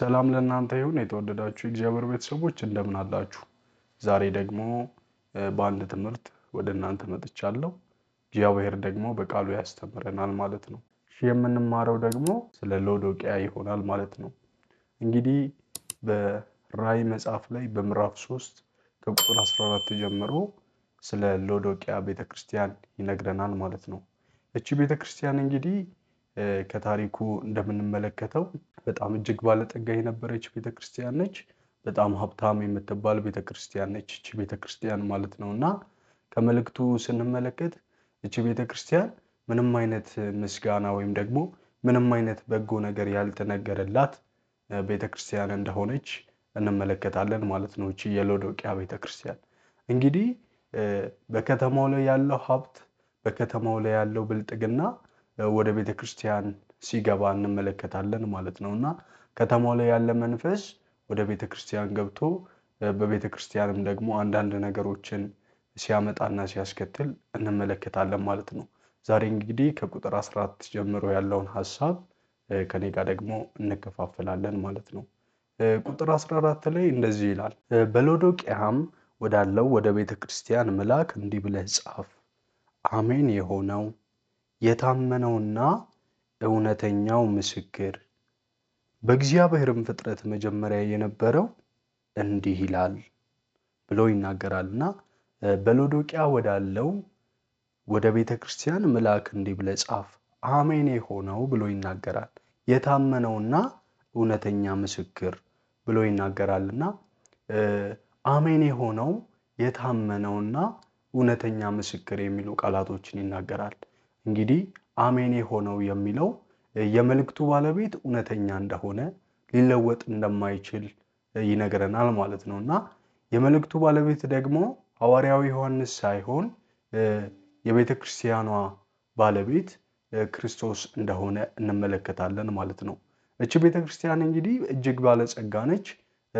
ሰላም ለእናንተ ይሁን የተወደዳችሁ እግዚአብሔር ቤተሰቦች እንደምን አላችሁ? ዛሬ ደግሞ በአንድ ትምህርት ወደ እናንተ መጥቻለሁ። እግዚአብሔር ደግሞ በቃሉ ያስተምረናል ማለት ነው። የምንማረው ደግሞ ስለ ሎዶቅያ ይሆናል ማለት ነው። እንግዲህ በራእይ መጽሐፍ ላይ በምዕራፍ ሶስት ከቁጥር 14 ጀምሮ ስለ ሎዶቅያ ቤተክርስቲያን ይነግረናል ማለት ነው። እቺ ቤተክርስቲያን እንግዲህ ከታሪኩ እንደምንመለከተው በጣም እጅግ ባለጠጋ የነበረች ቤተክርስቲያን ነች። በጣም ሀብታም የምትባል ቤተክርስቲያን ነች እቺ ቤተክርስቲያን ማለት ነው። እና ከመልእክቱ ስንመለከት እቺ ቤተክርስቲያን ምንም አይነት ምስጋና ወይም ደግሞ ምንም አይነት በጎ ነገር ያልተነገረላት ቤተክርስቲያን እንደሆነች እንመለከታለን ማለት ነው። እቺ የሎዶቅያ ቤተክርስቲያን እንግዲህ በከተማው ላይ ያለው ሀብት፣ በከተማው ላይ ያለው ብልጥግና ወደ ቤተ ክርስቲያን ሲገባ እንመለከታለን ማለት ነው እና ከተማው ላይ ያለ መንፈስ ወደ ቤተ ክርስቲያን ገብቶ በቤተ ክርስቲያንም ደግሞ አንዳንድ ነገሮችን ሲያመጣና ሲያስከትል እንመለከታለን ማለት ነው። ዛሬ እንግዲህ ከቁጥር 14 ጀምሮ ያለውን ሀሳብ ከኔ ጋር ደግሞ እንከፋፈላለን ማለት ነው። ቁጥር 14 ላይ እንደዚህ ይላል፣ በሎዶቅያም ወዳለው ወደ ቤተ ክርስቲያን መልአክ እንዲህ ብለህ ጻፍ፣ አሜን የሆነው የታመነውና እውነተኛው ምስክር በእግዚአብሔርም ፍጥረት መጀመሪያ የነበረው እንዲህ ይላል ብሎ እና በሎዶቅያ ወዳለው ወደ ቤተ ክርስቲያን መልአክ እንዲህ ብለህ ጻፍ፣ አሜን የሆነው ብሎ ይናገራል። የታመነውና እውነተኛ ምስክር ብሎ ይናገራልና አሜን የሆነው የታመነውና እውነተኛ ምስክር የሚሉ ቃላቶችን ይናገራል። እንግዲህ አሜን የሆነው የሚለው የመልእክቱ ባለቤት እውነተኛ እንደሆነ ሊለወጥ እንደማይችል ይነግረናል ማለት ነው እና የመልእክቱ ባለቤት ደግሞ ሐዋርያዊ ዮሐንስ ሳይሆን የቤተ ክርስቲያኗ ባለቤት ክርስቶስ እንደሆነ እንመለከታለን ማለት ነው። እች ቤተ ክርስቲያን እንግዲህ እጅግ ባለጸጋ ነች።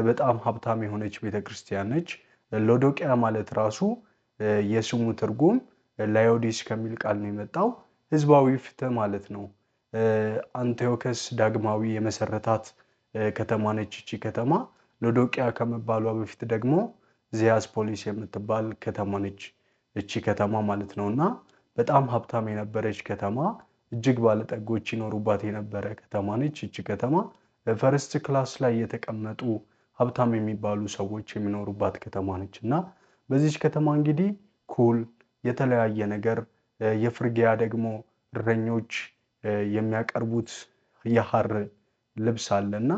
በጣም ሀብታም የሆነች ቤተ ክርስቲያን ነች። ሎዶቅያ ማለት ራሱ የስሙ ትርጉም ላዮዲስ ከሚል ቃል ነው የመጣው። ህዝባዊ ፍትህ ማለት ነው። አንቴዎከስ ዳግማዊ የመሰረታት ከተማ ነች ይቺ ከተማ። ሎዶቅያ ከመባሏ በፊት ደግሞ ዚያስ ፖሊስ የምትባል ከተማ ነች እቺ ከተማ ማለት ነው። እና በጣም ሀብታም የነበረች ከተማ፣ እጅግ ባለጠጎች ይኖሩባት የነበረ ከተማ ነች እቺ ከተማ። ፈርስት ክላስ ላይ የተቀመጡ ሀብታም የሚባሉ ሰዎች የሚኖሩባት ከተማ ነች እና በዚች ከተማ እንግዲህ ኩል የተለያየ ነገር የፍርጊያ ደግሞ እረኞች የሚያቀርቡት የሐር ልብስ አለ እና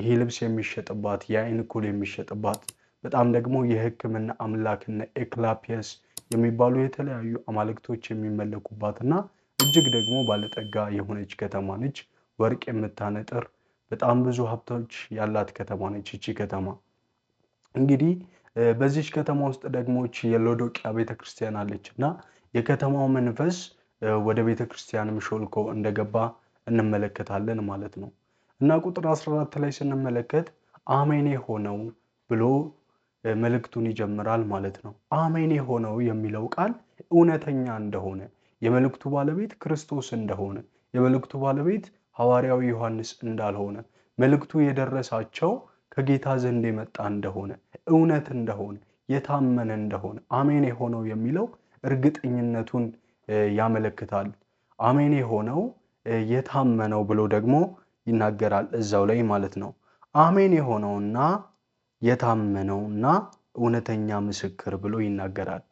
ይሄ ልብስ የሚሸጥባት የአይን ኩል የሚሸጥባት በጣም ደግሞ የሕክምና አምላክና ኤክላፒየስ የሚባሉ የተለያዩ አማልክቶች የሚመለኩባት እና እጅግ ደግሞ ባለጠጋ የሆነች ከተማ ነች። ወርቅ የምታነጥር በጣም ብዙ ሀብቶች ያላት ከተማ ነች እቺ ከተማ እንግዲህ በዚች ከተማ ውስጥ ደግሞች የሎዶቅያ ቤተክርስቲያን አለች እና የከተማው መንፈስ ወደ ቤተክርስቲያንም ሾልኮ እንደገባ እንመለከታለን ማለት ነው እና ቁጥር 14 ላይ ስንመለከት አሜኔ ሆነው ብሎ መልእክቱን ይጀምራል ማለት ነው። አሜን ሆነው የሚለው ቃል እውነተኛ እንደሆነ የመልእክቱ ባለቤት ክርስቶስ እንደሆነ የመልእክቱ ባለቤት ሐዋርያው ዮሐንስ እንዳልሆነ መልእክቱ የደረሳቸው ከጌታ ዘንድ የመጣ እንደሆነ እውነት እንደሆነ የታመነ እንደሆነ አሜን የሆነው የሚለው እርግጠኝነቱን ያመለክታል። አሜን የሆነው የታመነው ብሎ ደግሞ ይናገራል እዛው ላይ ማለት ነው። አሜን የሆነውና የታመነውና እውነተኛ ምስክር ብሎ ይናገራል።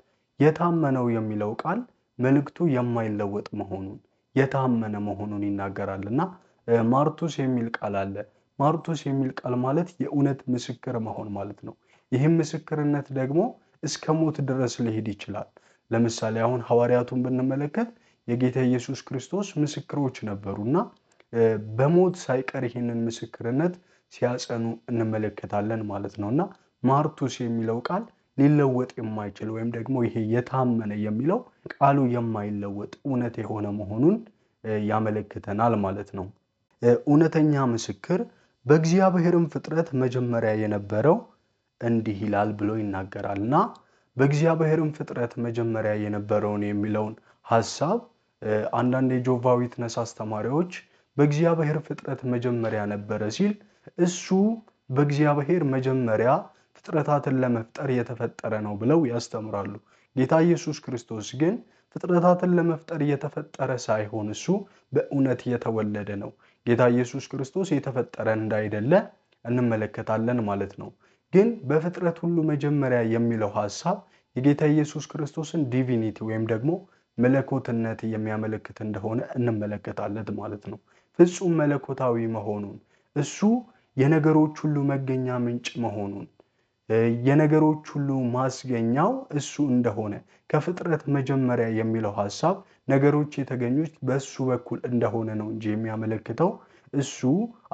የታመነው የሚለው ቃል መልእክቱ የማይለወጥ መሆኑን የታመነ መሆኑን ይናገራል እና ማርቱስ የሚል ቃል አለ። ማርቶስ የሚል ቃል ማለት የእውነት ምስክር መሆን ማለት ነው። ይህም ምስክርነት ደግሞ እስከ ሞት ድረስ ሊሄድ ይችላል። ለምሳሌ አሁን ሐዋርያቱን ብንመለከት የጌታ ኢየሱስ ክርስቶስ ምስክሮች ነበሩና በሞት ሳይቀር ይህንን ምስክርነት ሲያጸኑ እንመለከታለን ማለት ነው እና ማርቶስ የሚለው ቃል ሊለወጥ የማይችል ወይም ደግሞ ይሄ የታመነ የሚለው ቃሉ የማይለወጥ እውነት የሆነ መሆኑን ያመለክተናል ማለት ነው። እውነተኛ ምስክር በእግዚአብሔርም ፍጥረት መጀመሪያ የነበረው እንዲህ ይላል ብሎ ይናገራል እና በእግዚአብሔርም ፍጥረት መጀመሪያ የነበረውን የሚለውን ሀሳብ አንዳንድ የጆቫ ዊትነስ አስተማሪዎች በእግዚአብሔር ፍጥረት መጀመሪያ ነበረ ሲል እሱ በእግዚአብሔር መጀመሪያ ፍጥረታትን ለመፍጠር የተፈጠረ ነው ብለው ያስተምራሉ። ጌታ ኢየሱስ ክርስቶስ ግን ፍጥረታትን ለመፍጠር የተፈጠረ ሳይሆን እሱ በእውነት የተወለደ ነው። ጌታ ኢየሱስ ክርስቶስ የተፈጠረ እንዳይደለ እንመለከታለን ማለት ነው። ግን በፍጥረት ሁሉ መጀመሪያ የሚለው ሐሳብ የጌታ ኢየሱስ ክርስቶስን ዲቪኒቲ ወይም ደግሞ መለኮትነት የሚያመለክት እንደሆነ እንመለከታለን ማለት ነው። ፍጹም መለኮታዊ መሆኑን እሱ የነገሮች ሁሉ መገኛ ምንጭ መሆኑን የነገሮች ሁሉ ማስገኛው እሱ እንደሆነ ከፍጥረት መጀመሪያ የሚለው ሐሳብ ነገሮች የተገኙት በእሱ በኩል እንደሆነ ነው እንጂ የሚያመለክተው እሱ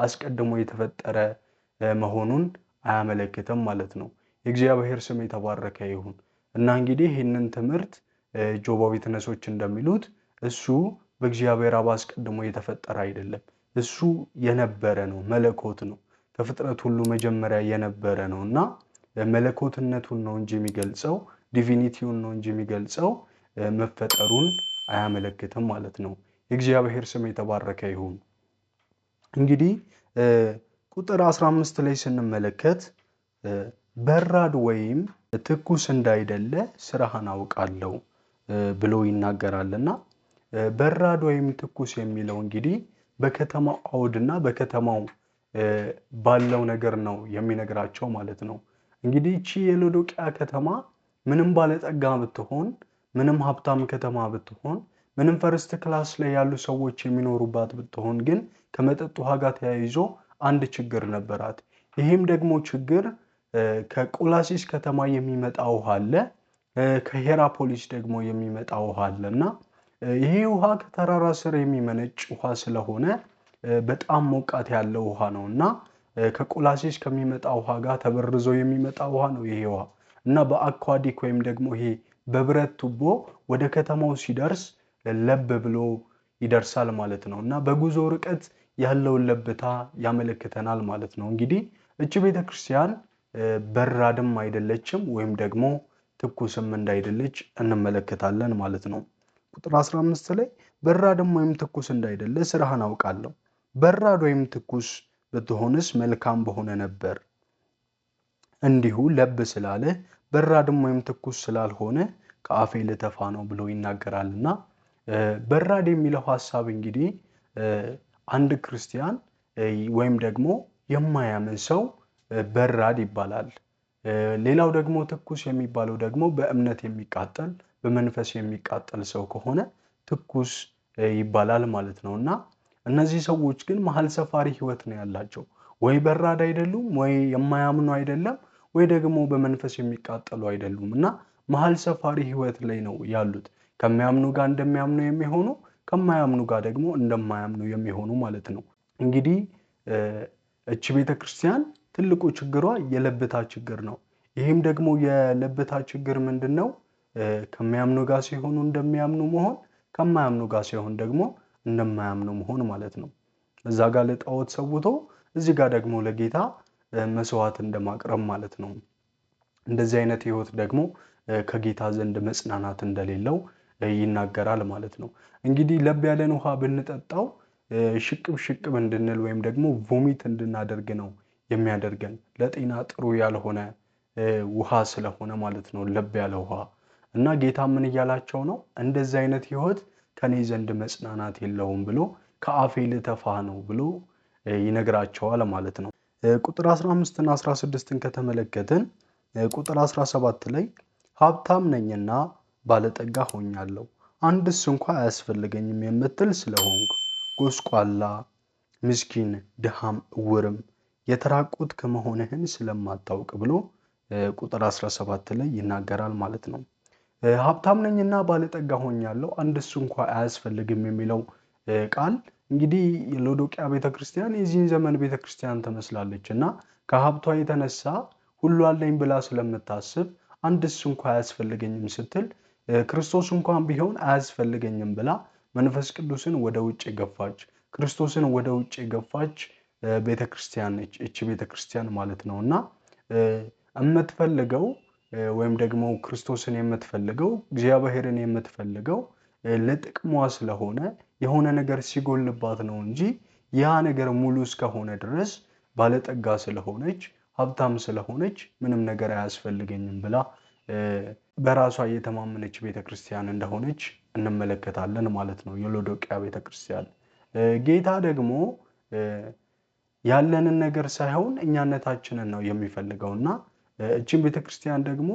አስቀድሞ የተፈጠረ መሆኑን አያመለክትም ማለት ነው። የእግዚአብሔር ስም የተባረከ ይሁን እና እንግዲህ ይህንን ትምህርት ጆባ ቤትነሶች እንደሚሉት እሱ በእግዚአብሔር አብ አስቀድሞ የተፈጠረ አይደለም። እሱ የነበረ ነው፣ መለኮት ነው። ከፍጥረት ሁሉ መጀመሪያ የነበረ ነው እና መለኮትነቱን ነው እንጂ የሚገልጸው ዲቪኒቲውን ነው እንጂ የሚገልጸው መፈጠሩን አያመለክትም ማለት ነው። የእግዚአብሔር ስም የተባረከ ይሁን። እንግዲህ ቁጥር 15 ላይ ስንመለከት በራድ ወይም ትኩስ እንዳይደለ ስራህን አውቃለሁ ብሎ ይናገራልና በራድ ወይም ትኩስ የሚለው እንግዲህ በከተማው አውድና በከተማው ባለው ነገር ነው የሚነግራቸው ማለት ነው። እንግዲህ ይቺ የሎዶቅያ ከተማ ምንም ባለጠጋ ብትሆን ምንም ሀብታም ከተማ ብትሆን ምንም ፈርስት ክላስ ላይ ያሉ ሰዎች የሚኖሩባት ብትሆን ግን ከመጠጥ ውሃ ጋር ተያይዞ አንድ ችግር ነበራት። ይህም ደግሞ ችግር ከቆላሲስ ከተማ የሚመጣ ውሃ አለ፣ ከሄራፖሊስ ደግሞ የሚመጣ ውሃ አለ እና ይህ ውሃ ከተራራ ስር የሚመነጭ ውሃ ስለሆነ በጣም ሞቃት ያለው ውሃ ነው እና ከቆላሲስ ከሚመጣ ውሃ ጋር ተበርዞ የሚመጣ ውሃ ነው ይሄ ውሃ እና በአኳዲክ ወይም ደግሞ ይሄ በብረት ቱቦ ወደ ከተማው ሲደርስ ለብ ብሎ ይደርሳል ማለት ነው እና በጉዞ ርቀት ያለውን ለብታ ያመለክተናል ማለት ነው። እንግዲህ እች ቤተ ክርስቲያን በራድም አይደለችም ወይም ደግሞ ትኩስም እንዳይደለች እንመለከታለን ማለት ነው። ቁጥር 15 ላይ በራድም ወይም ትኩስ እንዳይደለ ስራህን አውቃለሁ፣ በራድ ወይም ትኩስ ብትሆንስ መልካም በሆነ ነበር። እንዲሁ ለብ ስላለህ በራድም ወይም ትኩስ ስላልሆነ ከአፌ ልተፋ ነው ብሎ ይናገራል እና በራድ የሚለው ሀሳብ እንግዲህ አንድ ክርስቲያን ወይም ደግሞ የማያምን ሰው በራድ ይባላል። ሌላው ደግሞ ትኩስ የሚባለው ደግሞ በእምነት የሚቃጠል በመንፈስ የሚቃጠል ሰው ከሆነ ትኩስ ይባላል ማለት ነው እና እነዚህ ሰዎች ግን መሀል ሰፋሪ ህይወት ነው ያላቸው። ወይ በራድ አይደሉም፣ ወይ የማያምኑ አይደለም፣ ወይ ደግሞ በመንፈስ የሚቃጠሉ አይደሉም እና መሀል ሰፋሪ ህይወት ላይ ነው ያሉት። ከሚያምኑ ጋር እንደሚያምኑ የሚሆኑ ከማያምኑ ጋር ደግሞ እንደማያምኑ የሚሆኑ ማለት ነው። እንግዲህ እች ቤተ ክርስቲያን ትልቁ ችግሯ የለብታ ችግር ነው። ይህም ደግሞ የለብታ ችግር ምንድን ነው? ከሚያምኑ ጋር ሲሆኑ እንደሚያምኑ መሆን፣ ከማያምኑ ጋር ሲሆን ደግሞ እንደማያምኑ መሆን ማለት ነው። እዛ ጋር ለጣዖት ሰውቶ እዚህ ጋር ደግሞ ለጌታ መስዋዕት እንደማቅረብ ማለት ነው። እንደዚህ አይነት ህይወት ደግሞ ከጌታ ዘንድ መጽናናት እንደሌለው ይናገራል ማለት ነው። እንግዲህ ለብ ያለን ውሃ ብንጠጣው ሽቅብ ሽቅብ እንድንል ወይም ደግሞ ቮሚት እንድናደርግ ነው የሚያደርገን ለጤና ጥሩ ያልሆነ ውሃ ስለሆነ ማለት ነው ለብ ያለ ውሃ እና ጌታ ምን እያላቸው ነው? እንደዚህ አይነት ህይወት ከኔ ዘንድ መጽናናት የለውም ብሎ ከአፌ ልተፋህ ነው ብሎ ይነግራቸዋል ማለት ነው። ቁጥር 15 እና 16ን ከተመለከትን ቁጥር 17 ላይ ሀብታም ነኝና ባለጠጋ ሆኛለሁ አንድስ እንኳ አያስፈልገኝም የምትል ስለሆንኩ ጎስቋላ፣ ምስኪን፣ ድሃም፣ እውርም የተራቆት ከመሆንህን ስለማታውቅ ብሎ ቁጥር 17 ላይ ይናገራል ማለት ነው። ሀብታም ነኝና ባለጠጋ ሆኛለሁ አንድስ እንኳ አያስፈልግም የሚለው ቃል እንግዲህ የሎዶቅያ ቤተክርስቲያን የዚህን ዘመን ቤተክርስቲያን ትመስላለች እና ከሀብቷ የተነሳ ሁሉ አለኝ ብላ ስለምታስብ አንድስ እንኳ አያስፈልገኝም ስትል ክርስቶስ እንኳን ቢሆን አያስፈልገኝም ብላ መንፈስ ቅዱስን ወደ ውጭ ገፋች፣ ክርስቶስን ወደ ውጭ ገፋች ቤተክርስቲያን ነች እች ቤተክርስቲያን ማለት ነው እና የምትፈልገው ወይም ደግሞ ክርስቶስን የምትፈልገው እግዚአብሔርን የምትፈልገው ለጥቅሟ ስለሆነ የሆነ ነገር ሲጎልባት ነው እንጂ ያ ነገር ሙሉ እስከሆነ ድረስ ባለጠጋ ስለሆነች ሀብታም ስለሆነች ምንም ነገር አያስፈልገኝም ብላ በራሷ የተማመነች ቤተክርስቲያን እንደሆነች እንመለከታለን ማለት ነው። የሎዶቅያ ቤተክርስቲያን ጌታ ደግሞ ያለንን ነገር ሳይሆን እኛነታችንን ነው የሚፈልገው እና እችን ቤተክርስቲያን ደግሞ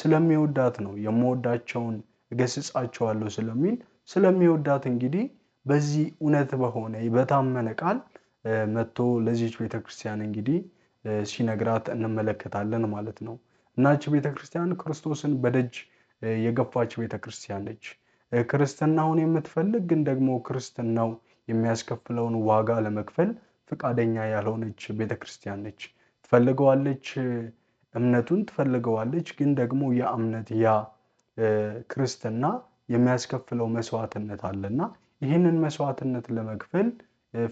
ስለሚወዳት ነው የምወዳቸውን እገስጻቸዋለሁ ስለሚል ስለሚወዳት እንግዲህ በዚህ እውነት በሆነ በታመነ ቃል መጥቶ ለዚች ቤተክርስቲያን እንግዲህ ሲነግራት እንመለከታለን ማለት ነው። እናች ቤተክርስቲያን ክርስቶስን በደጅ የገፋች ቤተክርስቲያን ነች። ክርስትናውን የምትፈልግ ግን ደግሞ ክርስትናው የሚያስከፍለውን ዋጋ ለመክፈል ፈቃደኛ ያልሆነች ቤተክርስቲያን ነች። ትፈልገዋለች፣ እምነቱን ትፈልገዋለች። ግን ደግሞ ያ እምነት ያ ክርስትና የሚያስከፍለው መስዋዕትነት አለና ይህንን መስዋዕትነት ለመክፈል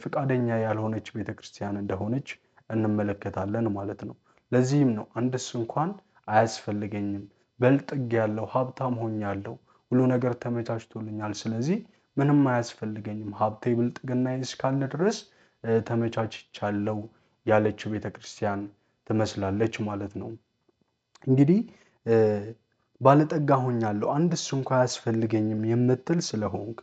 ፍቃደኛ ያልሆነች ቤተክርስቲያን እንደሆነች እንመለከታለን ማለት ነው። ለዚህም ነው አንድስ እንኳን አያስፈልገኝም፣ በልጥግ ያለው ሀብታም ሆኛለሁ፣ ሁሉ ነገር ተመቻችቶልኛል፣ ስለዚህ ምንም አያስፈልገኝም፣ ሀብቴ ብልጥግና እስካለ ድረስ ተመቻችቻለሁ ያለችው ቤተክርስቲያን ትመስላለች ማለት ነው እንግዲህ ባለጠጋ ሆኛለሁ አንድ ስ እንኳ አያስፈልገኝም የምትል ስለሆንክ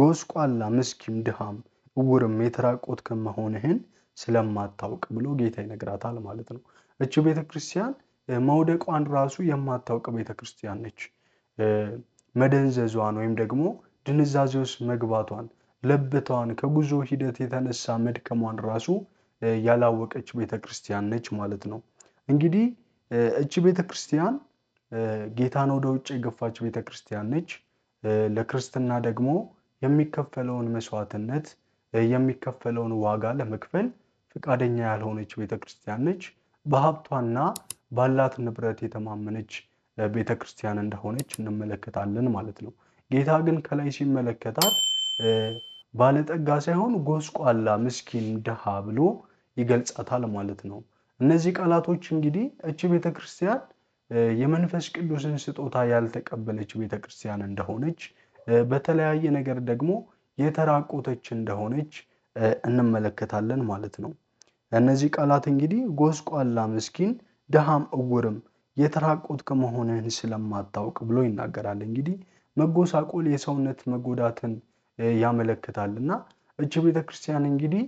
ጎስቋላ፣ ምስኪም፣ ድሃም፣ እውርም የተራቆት ከመሆንህን ስለማታውቅ ብሎ ጌታ ይነግራታል ማለት ነው። እች ቤተ ክርስቲያን መውደቋን ራሱ የማታውቅ ቤተ ክርስቲያን ነች። መደንዘዟን ወይም ደግሞ ድንዛዜ ውስጥ መግባቷን፣ ለብቷን፣ ከጉዞ ሂደት የተነሳ መድከሟን ራሱ ያላወቀች ቤተ ክርስቲያን ነች ማለት ነው። እንግዲህ እች ቤተ ክርስቲያን ጌታን ወደ ውጭ የገፋች ቤተ ክርስቲያን ነች። ለክርስትና ደግሞ የሚከፈለውን መስዋዕትነት የሚከፈለውን ዋጋ ለመክፈል ፈቃደኛ ያልሆነች ቤተ ክርስቲያን ነች። በሀብቷና ባላት ንብረት የተማመነች ቤተ ክርስቲያን እንደሆነች እንመለከታለን ማለት ነው። ጌታ ግን ከላይ ሲመለከታት ባለጠጋ ሳይሆን ጎስቋላ፣ ምስኪን፣ ድሃ ብሎ ይገልጻታል ማለት ነው። እነዚህ ቃላቶች እንግዲህ እች ቤተ ክርስቲያን የመንፈስ ቅዱስን ስጦታ ያልተቀበለች ቤተክርስቲያን እንደሆነች በተለያየ ነገር ደግሞ የተራቆተች እንደሆነች እንመለከታለን ማለት ነው። እነዚህ ቃላት እንግዲህ ጎስቋላ፣ ምስኪን፣ ድሃም፣ እውርም የተራቆት ከመሆንህን ስለማታውቅ ብሎ ይናገራል። እንግዲህ መጎሳቆል የሰውነት መጎዳትን ያመለክታል እና እች ቤተክርስቲያን እንግዲህ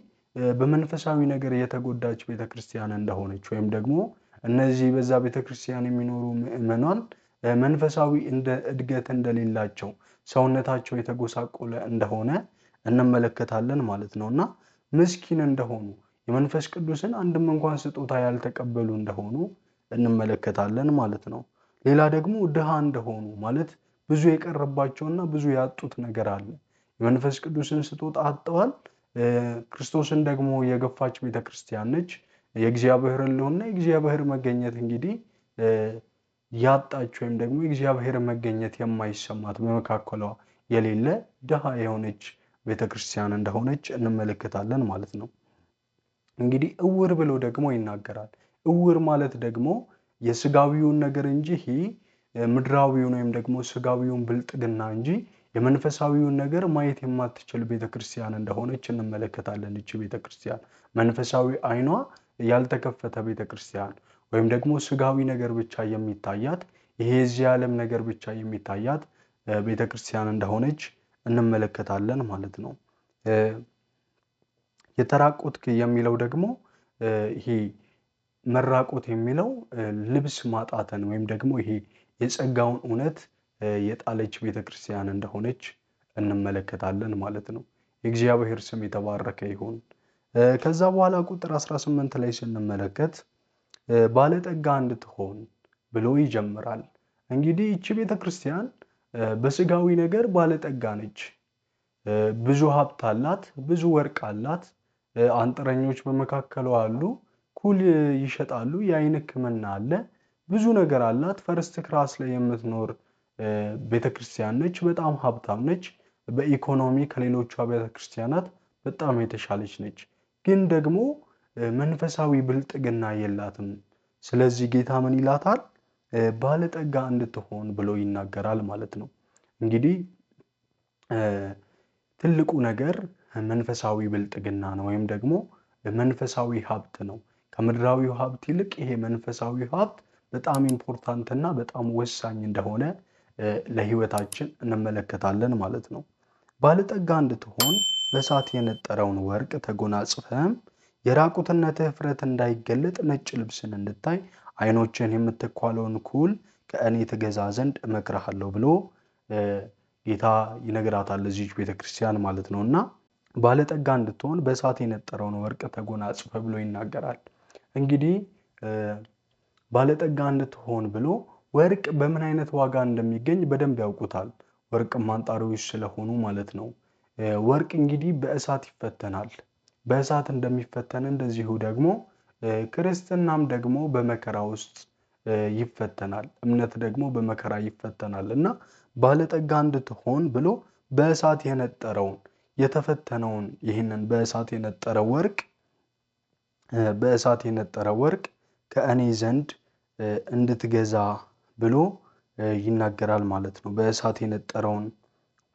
በመንፈሳዊ ነገር የተጎዳች ቤተክርስቲያን እንደሆነች ወይም ደግሞ እነዚህ በዛ ቤተክርስቲያን የሚኖሩ ምዕመናን መንፈሳዊ እንደ እድገት እንደሌላቸው ሰውነታቸው የተጎሳቆለ እንደሆነ እንመለከታለን ማለት ነው እና ምስኪን እንደሆኑ የመንፈስ ቅዱስን አንድም እንኳን ስጦታ ያልተቀበሉ እንደሆኑ እንመለከታለን ማለት ነው። ሌላ ደግሞ ድሃ እንደሆኑ ማለት ብዙ የቀረባቸውና ብዙ ያጡት ነገር አለ። የመንፈስ ቅዱስን ስጦታ አጥተዋል። ክርስቶስን ደግሞ የገፋች ቤተክርስቲያን ነች። የእግዚአብሔር ህልውና የእግዚአብሔር መገኘት እንግዲህ ያጣች ወይም ደግሞ የእግዚአብሔር መገኘት የማይሰማት በመካከሏ የሌለ ድሃ የሆነች ቤተክርስቲያን እንደሆነች እንመለከታለን ማለት ነው። እንግዲህ እውር ብሎ ደግሞ ይናገራል። እውር ማለት ደግሞ የስጋዊውን ነገር እንጂ ምድራዊውን ወይም ደግሞ ስጋዊውን ብልጥግና እንጂ የመንፈሳዊውን ነገር ማየት የማትችል ቤተክርስቲያን እንደሆነች እንመለከታለን። ቤተክርስቲያን መንፈሳዊ አይኗ ያልተከፈተ ቤተ ክርስቲያን ወይም ደግሞ ስጋዊ ነገር ብቻ የሚታያት ይሄ የዚህ ዓለም ነገር ብቻ የሚታያት ቤተ ክርስቲያን እንደሆነች እንመለከታለን ማለት ነው። የተራቆትክ የሚለው ደግሞ ይሄ መራቆት የሚለው ልብስ ማጣትን ወይም ደግሞ ይሄ የጸጋውን እውነት የጣለች ቤተ ክርስቲያን እንደሆነች እንመለከታለን ማለት ነው። የእግዚአብሔር ስም የተባረከ ይሁን። ከዛ በኋላ ቁጥር 18 ላይ ስንመለከት ባለጠጋ እንድትሆን ብሎ ይጀምራል። እንግዲህ ይቺ ቤተ ክርስቲያን በስጋዊ ነገር ባለጠጋ ነች። ብዙ ሀብት አላት፣ ብዙ ወርቅ አላት፣ አንጥረኞች በመካከሉ አሉ፣ ኩል ይሸጣሉ፣ የአይን ሕክምና አለ፣ ብዙ ነገር አላት። ፈርስት ክራስ ላይ የምትኖር ቤተ ክርስቲያን ነች። በጣም ሀብታም ነች። በኢኮኖሚ ከሌሎቿ ቤተ ክርስቲያናት በጣም የተሻለች ነች። ግን ደግሞ መንፈሳዊ ብልጥግና የላትም። ስለዚህ ጌታ ምን ይላታል? ባለጠጋ እንድትሆን ብሎ ይናገራል ማለት ነው። እንግዲህ ትልቁ ነገር መንፈሳዊ ብልጥግና ነው፣ ወይም ደግሞ መንፈሳዊ ሀብት ነው። ከምድራዊው ሀብት ይልቅ ይሄ መንፈሳዊ ሀብት በጣም ኢምፖርታንት እና በጣም ወሳኝ እንደሆነ ለህይወታችን እንመለከታለን ማለት ነው። ባለጠጋ እንድትሆን በእሳት የነጠረውን ወርቅ ተጎናጽፈህም የራቁትነትህ እፍረት እንዳይገለጥ ነጭ ልብስን እንድታይ አይኖችን የምትኳለውን ኩል ከእኔ ትገዛ ዘንድ እመክረሃለሁ ብሎ ጌታ ይነግራታል። እዚች ቤተ ክርስቲያን ማለት ነው እና ባለጠጋ እንድትሆን በእሳት የነጠረውን ወርቅ ተጎናጽፈ ብሎ ይናገራል። እንግዲህ ባለጠጋ እንድትሆን ብሎ ወርቅ በምን አይነት ዋጋ እንደሚገኝ በደንብ ያውቁታል። ወርቅ አንጣሪዎች ስለሆኑ ማለት ነው። ወርቅ እንግዲህ በእሳት ይፈተናል። በእሳት እንደሚፈተን እንደዚሁ ደግሞ ክርስትናም ደግሞ በመከራ ውስጥ ይፈተናል። እምነት ደግሞ በመከራ ይፈተናል እና ባለጠጋ እንድትሆን ብሎ በእሳት የነጠረውን የተፈተነውን ይህንን በእሳት የነጠረ ወርቅ በእሳት የነጠረ ወርቅ ከእኔ ዘንድ እንድትገዛ ብሎ ይናገራል ማለት ነው። በእሳት የነጠረውን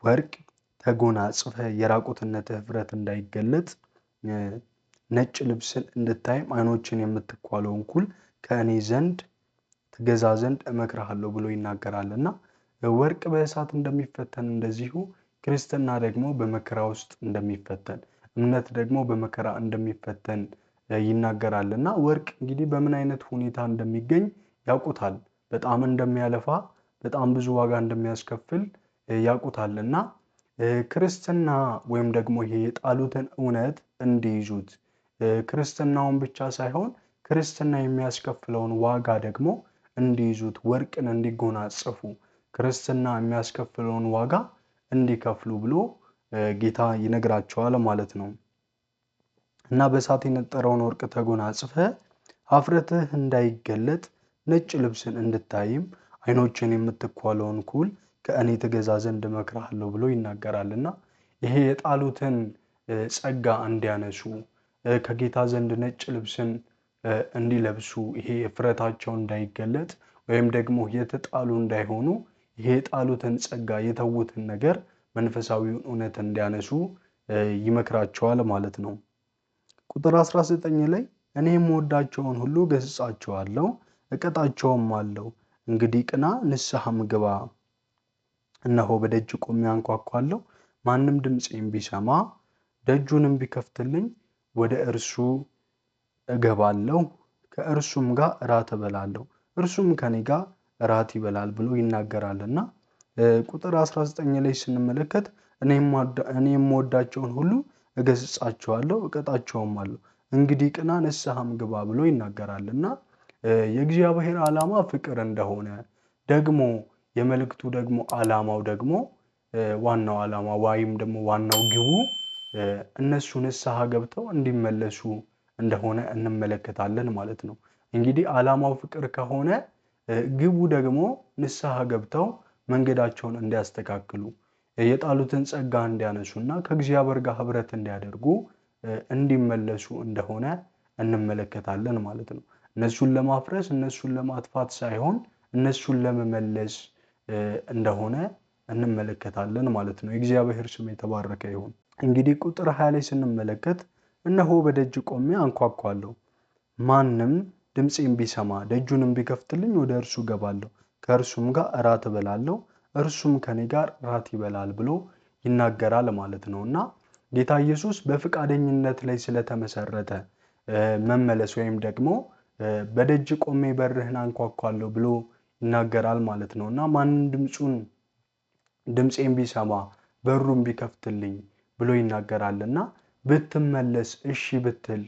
ወርቅ ከጎናጽፍህ የራቁትነት ኅፍረት እንዳይገለጥ ነጭ ልብስን እንድታይም አይኖችን የምትኳለውን ኩል ከእኔ ዘንድ ትገዛ ዘንድ እመክርሃለሁ ብሎ እና ወርቅ በእሳት እንደሚፈተን እንደዚሁ ክርስትና ደግሞ በመከራ ውስጥ እንደሚፈተን እምነት ደግሞ በመከራ እንደሚፈተን ይናገራል እና ወርቅ እንግዲህ በምን አይነት ሁኔታ እንደሚገኝ ያውቁታል። በጣም እንደሚያለፋ፣ በጣም ብዙ ዋጋ እንደሚያስከፍል ያውቁታል እና ክርስትና ወይም ደግሞ ይሄ የጣሉትን እውነት እንዲይዙት ክርስትናውን ብቻ ሳይሆን ክርስትና የሚያስከፍለውን ዋጋ ደግሞ እንዲይዙት ወርቅን እንዲጎናጽፉ ክርስትና የሚያስከፍለውን ዋጋ እንዲከፍሉ ብሎ ጌታ ይነግራቸዋል ማለት ነው። እና በእሳት የነጠረውን ወርቅ ተጎናጽፈ አፍረትህ እንዳይገለጥ ነጭ ልብስን እንድታይም አይኖችን የምትኳለውን ኩል ከእኔ ትገዛ ዘንድ እመክርሃለሁ ብሎ ይናገራል ይሄ የጣሉትን ጸጋ እንዲያነሱ ከጌታ ዘንድ ነጭ ልብስን እንዲለብሱ ይሄ እፍረታቸው እንዳይገለጥ ወይም ደግሞ የተጣሉ እንዳይሆኑ ይሄ የጣሉትን ጸጋ የተዉትን ነገር መንፈሳዊውን እውነት እንዲያነሱ ይመክራቸዋል ማለት ነው። ቁጥር 19 ላይ እኔ የምወዳቸውን ሁሉ ገስጻቸዋለሁ፣ እቀጣቸውም አለው። እንግዲህ ቅና፣ ንስሐም ግባ እነሆ በደጅ ቆሜ አንኳኳለሁ፣ ማንም ድምፄን ቢሰማ ደጁንም ቢከፍትልኝ ወደ እርሱ እገባለሁ፣ ከእርሱም ጋር እራት እበላለሁ፣ እርሱም ከኔ ጋር እራት ይበላል ብሎ ይናገራልና ቁጥር 19 ላይ ስንመለከት እኔ የምወዳቸውን ሁሉ እገስጻቸዋለሁ እቀጣቸውም አለሁ እንግዲህ ቅና ንስሐም ግባ ብሎ ይናገራልና የእግዚአብሔር ዓላማ ፍቅር እንደሆነ ደግሞ የመልእክቱ ደግሞ አላማው ደግሞ ዋናው አላማ ወይም ደግሞ ዋናው ግቡ እነሱ ንስሐ ገብተው እንዲመለሱ እንደሆነ እንመለከታለን ማለት ነው። እንግዲህ አላማው ፍቅር ከሆነ ግቡ ደግሞ ንስሐ ገብተው መንገዳቸውን እንዲያስተካክሉ የጣሉትን ጸጋ እና ከእግዚአብሔር ጋር ህብረት እንዲያደርጉ እንዲመለሱ እንደሆነ እንመለከታለን ማለት ነው። እነሱን ለማፍረስ እነሱን ለማጥፋት ሳይሆን እነሱን ለመመለስ እንደሆነ እንመለከታለን ማለት ነው። የእግዚአብሔር ስም የተባረከ ይሁን። እንግዲህ ቁጥር ሀያ ላይ ስንመለከት እነሆ በደጅ ቆሜ አንኳኳለሁ፣ ማንም ድምፄን ቢሰማ ደጁንም ቢከፍትልኝ ወደ እርሱ እገባለሁ፣ ከእርሱም ጋር እራት እበላለሁ፣ እርሱም ከኔ ጋር እራት ይበላል ብሎ ይናገራል ማለት ነው እና ጌታ ኢየሱስ በፈቃደኝነት ላይ ስለተመሰረተ መመለስ ወይም ደግሞ በደጅ ቆሜ በርህን አንኳኳለሁ ብሎ ይናገራል ማለት ነው እና ማንም ድምፁን ድምፄን ቢሰማ በሩን ቢከፍትልኝ ብሎ ይናገራል እና ብትመለስ እሺ ብትል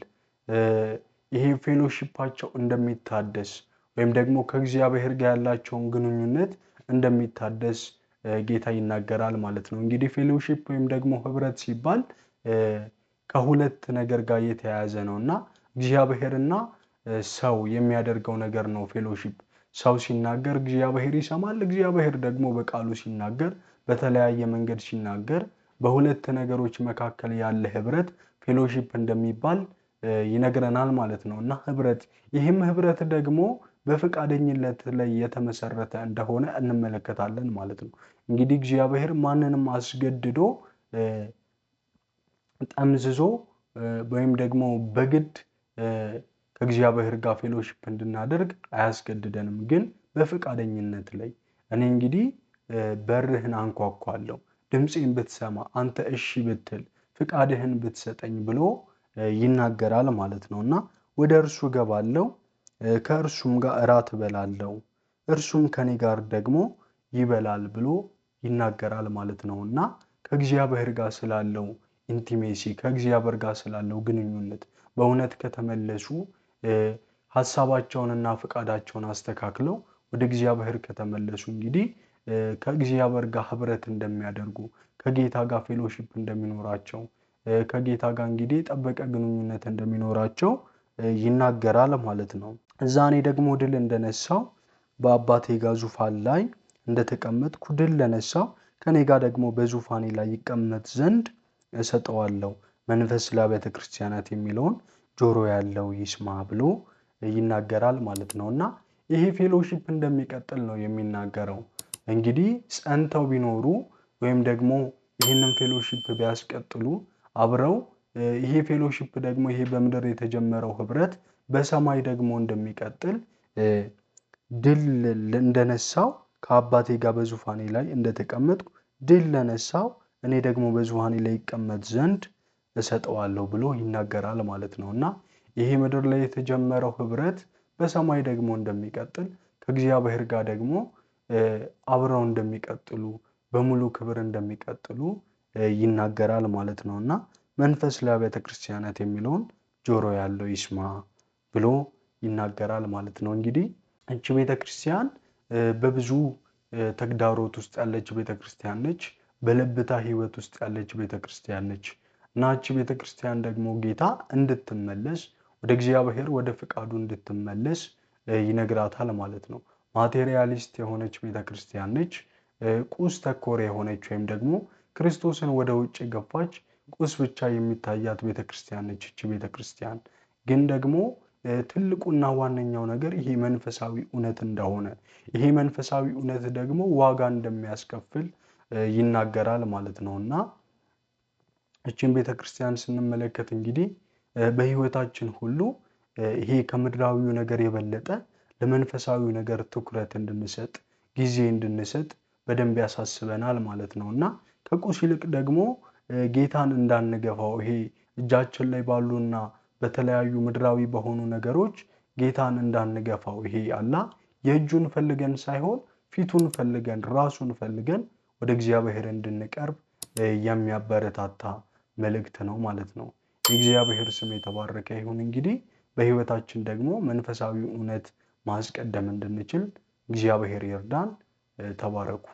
ይሄ ፌሎሺፓቸው እንደሚታደስ ወይም ደግሞ ከእግዚአብሔር ጋር ያላቸውን ግንኙነት እንደሚታደስ ጌታ ይናገራል ማለት ነው። እንግዲህ ፌሎሺፕ ወይም ደግሞ ህብረት ሲባል ከሁለት ነገር ጋር የተያያዘ ነው እና እግዚአብሔርና ሰው የሚያደርገው ነገር ነው ፌሎሺፕ። ሰው ሲናገር እግዚአብሔር ይሰማል። እግዚአብሔር ደግሞ በቃሉ ሲናገር፣ በተለያየ መንገድ ሲናገር በሁለት ነገሮች መካከል ያለ ህብረት ፌሎሺፕ እንደሚባል ይነግረናል ማለት ነው እና ህብረት ይህም ህብረት ደግሞ በፈቃደኝነት ላይ የተመሰረተ እንደሆነ እንመለከታለን ማለት ነው። እንግዲህ እግዚአብሔር ማንንም አስገድዶ ጠምዝዞ ወይም ደግሞ በግድ ከእግዚአብሔር ጋር ፌሎሽፕ እንድናደርግ አያስገድደንም። ግን በፈቃደኝነት ላይ እኔ እንግዲህ በርህን አንኳኳለሁ፣ ድምፄን ብትሰማ አንተ እሺ ብትል ፍቃድህን ብትሰጠኝ ብሎ ይናገራል ማለት ነው እና ወደ እርሱ እገባለሁ ከእርሱም ጋር እራት እበላለሁ እርሱም ከኔ ጋር ደግሞ ይበላል ብሎ ይናገራል ማለት ነው እና ከእግዚአብሔር ጋር ስላለው ኢንቲሜሲ ከእግዚአብሔር ጋር ስላለው ግንኙነት በእውነት ከተመለሱ ሀሳባቸውንና ፈቃዳቸውን አስተካክለው ወደ እግዚአብሔር ከተመለሱ እንግዲህ ከእግዚአብሔር ጋር ህብረት እንደሚያደርጉ ከጌታ ጋር ፌሎሺፕ እንደሚኖራቸው ከጌታ ጋር እንግዲህ የጠበቀ ግንኙነት እንደሚኖራቸው ይናገራል ማለት ነው። እዛ እኔ ደግሞ ድል እንደነሳው በአባቴ ጋር ዙፋን ላይ እንደተቀመጥኩ ድል ለነሳው ከኔ ጋር ደግሞ በዙፋኔ ላይ ይቀመጥ ዘንድ እሰጠዋለሁ መንፈስ ለአብያተ ክርስቲያናት የሚለውን ጆሮ ያለው ይስማ ብሎ ይናገራል ማለት ነው እና ይሄ ፌሎሺፕ እንደሚቀጥል ነው የሚናገረው። እንግዲህ ጸንተው ቢኖሩ ወይም ደግሞ ይህንን ፌሎሺፕ ቢያስቀጥሉ አብረው ይሄ ፌሎሺፕ ደግሞ ይሄ በምድር የተጀመረው ህብረት በሰማይ ደግሞ እንደሚቀጥል ድል እንደነሳው ከአባቴ ጋር በዙፋኔ ላይ እንደተቀመጥኩ ድል ለነሳው እኔ ደግሞ በዙፋኔ ላይ ይቀመጥ ዘንድ እሰጠዋለሁ ብሎ ይናገራል ማለት ነው። እና ይሄ ምድር ላይ የተጀመረው ህብረት በሰማይ ደግሞ እንደሚቀጥል ከእግዚአብሔር ጋር ደግሞ አብረው እንደሚቀጥሉ በሙሉ ክብር እንደሚቀጥሉ ይናገራል ማለት ነው። እና መንፈስ ለቤተ ክርስቲያናት የሚለውን ጆሮ ያለው ይስማ ብሎ ይናገራል ማለት ነው። እንግዲህ እቺ ቤተ ክርስቲያን በብዙ ተግዳሮት ውስጥ ያለች ቤተ ክርስቲያን ነች። በለብታ ህይወት ውስጥ ያለች ቤተ ክርስቲያን ነች። ናች ቤተ ክርስቲያን ደግሞ ጌታ እንድትመለስ ወደ እግዚአብሔር ወደ ፍቃዱ እንድትመለስ ይነግራታል ማለት ነው። ማቴሪያሊስት የሆነች ቤተ ክርስቲያን ነች። ቁስ ተኮር የሆነች ወይም ደግሞ ክርስቶስን ወደ ውጭ ገፋች፣ ቁስ ብቻ የሚታያት ቤተ ክርስቲያን ነች። እቺ ቤተ ክርስቲያን ግን ደግሞ ትልቁና ዋነኛው ነገር ይሄ መንፈሳዊ እውነት እንደሆነ ይሄ መንፈሳዊ እውነት ደግሞ ዋጋ እንደሚያስከፍል ይናገራል ማለት ነው እና እችን ቤተ ክርስቲያን ስንመለከት እንግዲህ በህይወታችን ሁሉ ይሄ ከምድራዊው ነገር የበለጠ ለመንፈሳዊው ነገር ትኩረት እንድንሰጥ ጊዜ እንድንሰጥ በደንብ ያሳስበናል ማለት ነው እና ከቁስ ይልቅ ደግሞ ጌታን እንዳንገፋው ይሄ እጃችን ላይ ባሉና በተለያዩ ምድራዊ በሆኑ ነገሮች ጌታን እንዳንገፋው ይሄ አላ የእጁን ፈልገን ሳይሆን ፊቱን ፈልገን ራሱን ፈልገን ወደ እግዚአብሔር እንድንቀርብ የሚያበረታታ መልእክት ነው ማለት ነው። የእግዚአብሔር ስም የተባረከ ይሁን። እንግዲህ በህይወታችን ደግሞ መንፈሳዊ እውነት ማስቀደም እንድንችል እግዚአብሔር ይርዳን። ተባረኩ።